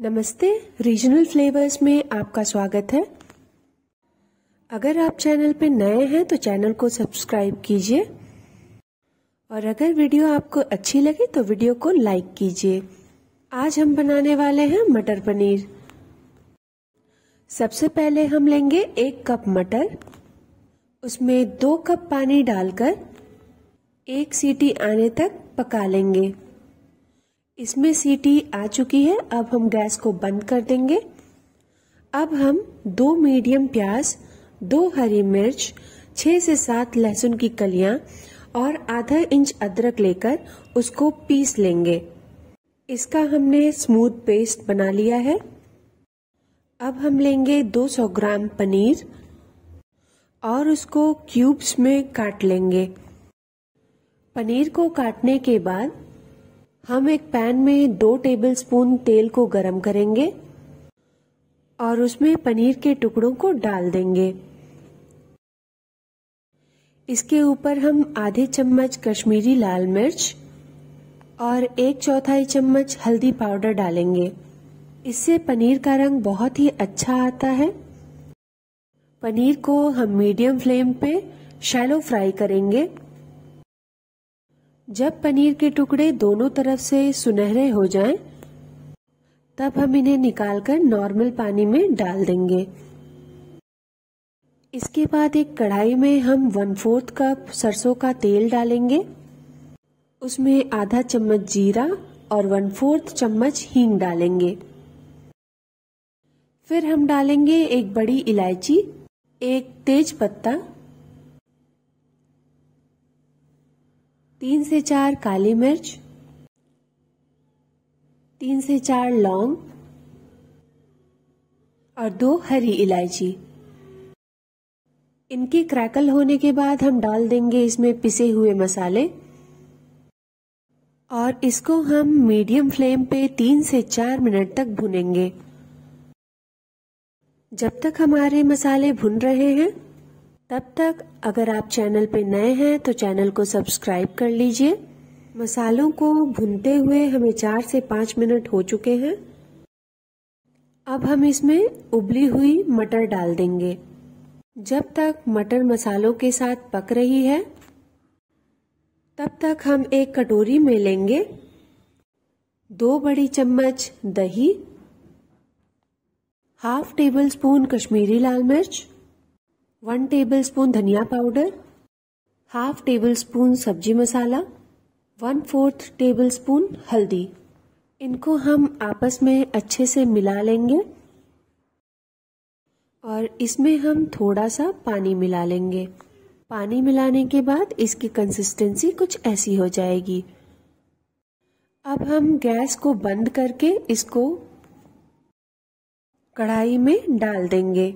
नमस्ते regional flavours में आपका स्वागत है अगर आप चैनल पर नए हैं तो चैनल को सब्सक्राइब कीजिए और अगर वीडियो आपको अच्छी लगे तो वीडियो को लाइक कीजिए आज हम बनाने वाले हैं मटर पनीर सबसे पहले हम लेंगे एक कप मटर उसमें दो कप पानी डालकर एक सीटी आने तक पका लेंगे इसमें सीटी आ चुकी है अब हम गैस को बंद कर देंगे अब हम दो मीडियम प्याज दो हरी मिर्च छह से सात लहसुन की कलियां और आधा इंच अदरक लेकर उसको पीस लेंगे इसका हमने स्मूथ पेस्ट बना लिया है अब हम लेंगे 200 ग्राम पनीर और उसको क्यूब्स में काट लेंगे पनीर को काटने के बाद हम एक पैन में दो टेबलस्पून तेल को गरम करेंगे और उसमें पनीर के टुकड़ों को डाल देंगे इसके ऊपर हम आधे चम्मच कश्मीरी लाल मिर्च और एक चौथाई चम्मच हल्दी पाउडर डालेंगे इससे पनीर का रंग बहुत ही अच्छा आता है पनीर को हम मीडियम फ्लेम पे शैलो फ्राई करेंगे जब पनीर के टुकड़े दोनों तरफ से सुनहरे हो जाएं, तब हम इन्हें निकालकर नॉर्मल पानी में डाल देंगे इसके बाद एक कढ़ाई में हम वन फोर्थ कप सरसों का तेल डालेंगे उसमें आधा चम्मच जीरा और वन फोर्थ चम्मच हींग डालेंगे फिर हम डालेंगे एक बड़ी इलायची एक तेज पत्ता तीन से चार काली मिर्च तीन से चार लौंग और दो हरी इलायची इनके क्रैकल होने के बाद हम डाल देंगे इसमें पिसे हुए मसाले और इसको हम मीडियम फ्लेम पे तीन से चार मिनट तक भुनेंगे जब तक हमारे मसाले भुन रहे हैं तब तक अगर आप चैनल पे नए हैं तो चैनल को सब्सक्राइब कर लीजिए मसालों को भूनते हुए हमें चार से पांच मिनट हो चुके हैं अब हम इसमें उबली हुई मटर डाल देंगे जब तक मटर मसालों के साथ पक रही है तब तक हम एक कटोरी में लेंगे दो बड़ी चम्मच दही हाफ टेबल स्पून कश्मीरी लाल मिर्च वन टेबल स्पून धनिया पाउडर हाफ टेबल स्पून सब्जी मसाला वन फोर्थ टेबल स्पून हल्दी इनको हम आपस में अच्छे से मिला लेंगे और इसमें हम थोड़ा सा पानी मिला लेंगे पानी मिलाने के बाद इसकी कंसिस्टेंसी कुछ ऐसी हो जाएगी अब हम गैस को बंद करके इसको कढ़ाई में डाल देंगे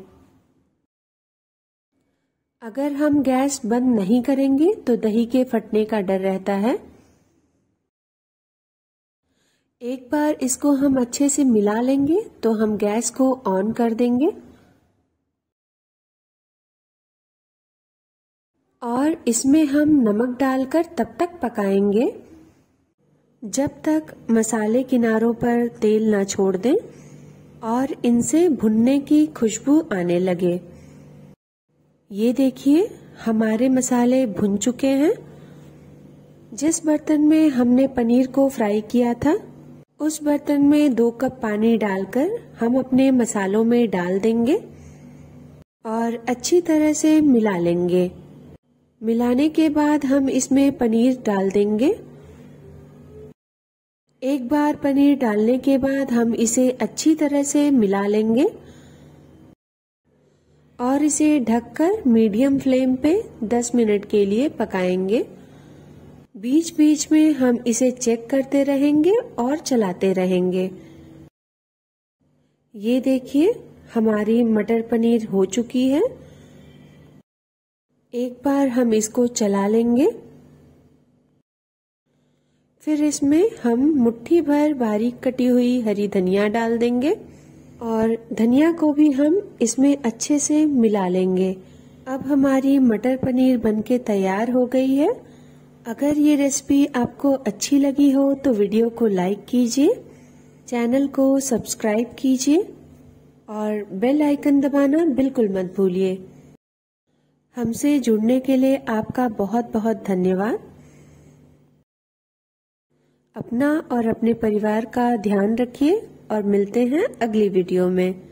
अगर हम गैस बंद नहीं करेंगे तो दही के फटने का डर रहता है एक बार इसको हम अच्छे से मिला लेंगे तो हम गैस को ऑन कर देंगे और इसमें हम नमक डालकर तब तक पकाएंगे जब तक मसाले किनारों पर तेल ना छोड़ दें और इनसे भुनने की खुशबू आने लगे ये देखिए हमारे मसाले भुन चुके हैं जिस बर्तन में हमने पनीर को फ्राई किया था उस बर्तन में दो कप पानी डालकर हम अपने मसालों में डाल देंगे और अच्छी तरह से मिला लेंगे मिलाने के बाद हम इसमें पनीर डाल देंगे एक बार पनीर डालने के बाद हम इसे अच्छी तरह से मिला लेंगे और इसे ढककर मीडियम फ्लेम पे 10 मिनट के लिए पकाएंगे बीच बीच में हम इसे चेक करते रहेंगे और चलाते रहेंगे ये देखिए हमारी मटर पनीर हो चुकी है एक बार हम इसको चला लेंगे फिर इसमें हम मुट्ठी भर बारीक कटी हुई हरी धनिया डाल देंगे और धनिया को भी हम इसमें अच्छे से मिला लेंगे अब हमारी मटर पनीर बनके तैयार हो गई है अगर ये रेसिपी आपको अच्छी लगी हो तो वीडियो को लाइक कीजिए चैनल को सब्सक्राइब कीजिए और बेल आइकन दबाना बिल्कुल मत भूलिए हमसे जुड़ने के लिए आपका बहुत बहुत धन्यवाद अपना और अपने परिवार का ध्यान रखिए और मिलते हैं अगली वीडियो में